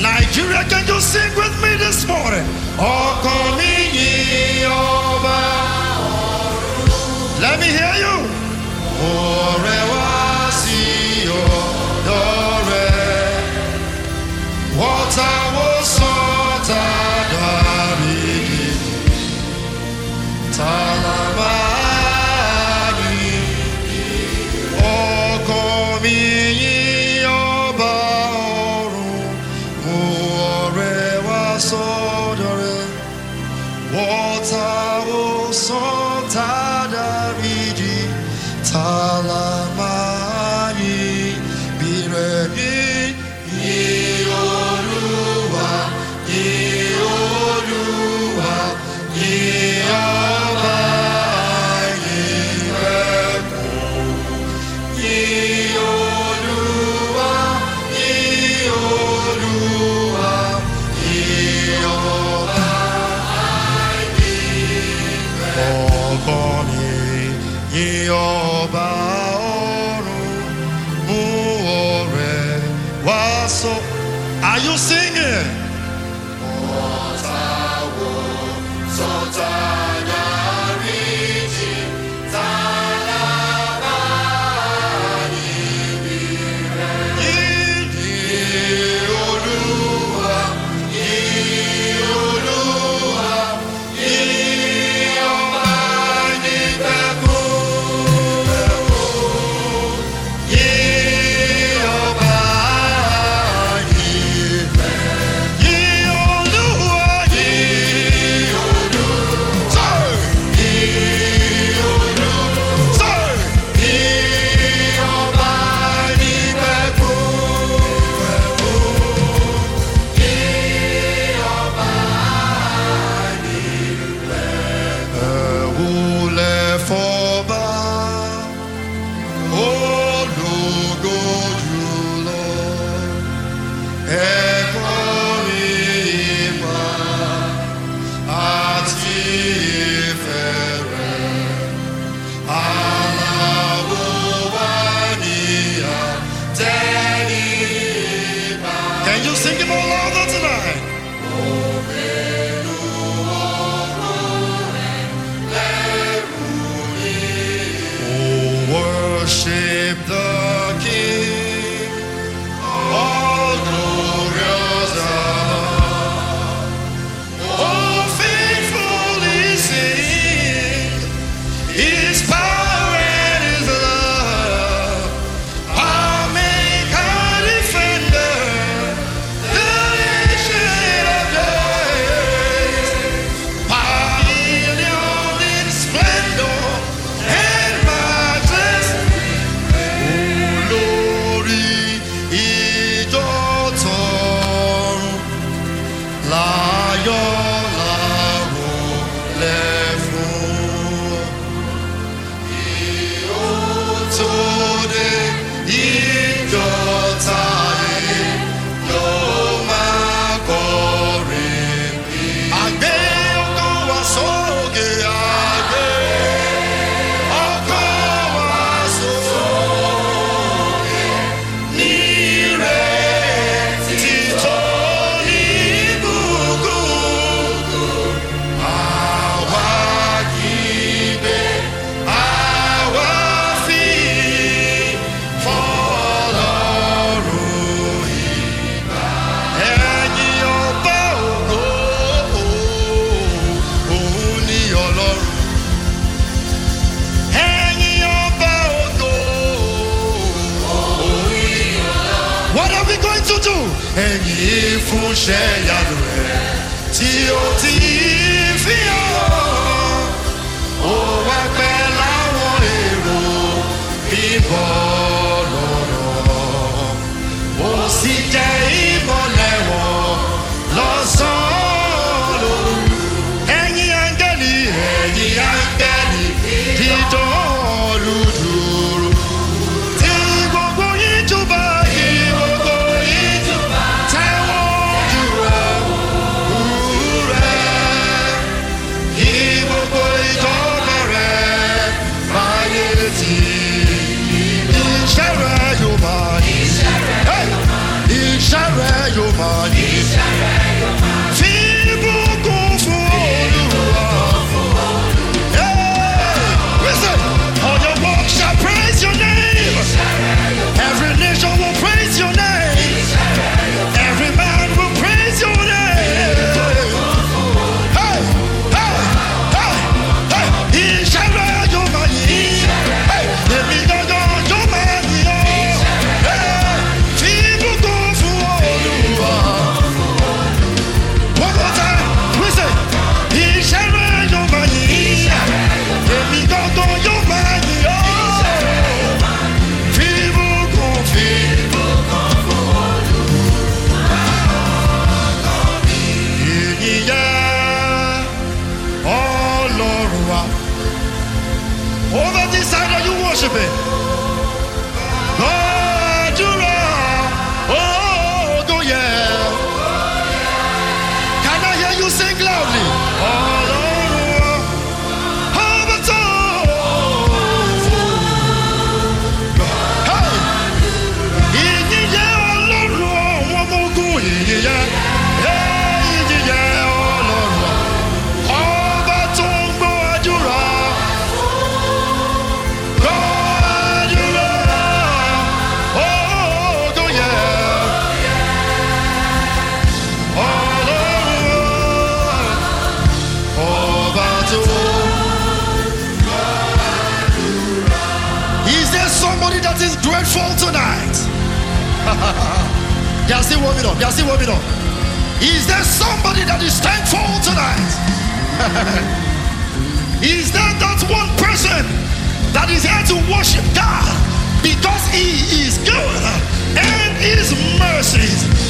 Nigeria, can you sing with me this morning? Oh, coming over. Let me hear you. Forever. Why so are you singing? this power. ẹ̀yìn if you share ti yí. Oh, Àdúrà oh, oh, Can I hear you sing loudly? full tonight. they are still warming up. They are still warming up. Is there somebody that is thankful tonight? is there that one person that is here to worship God because He is good and His mercies?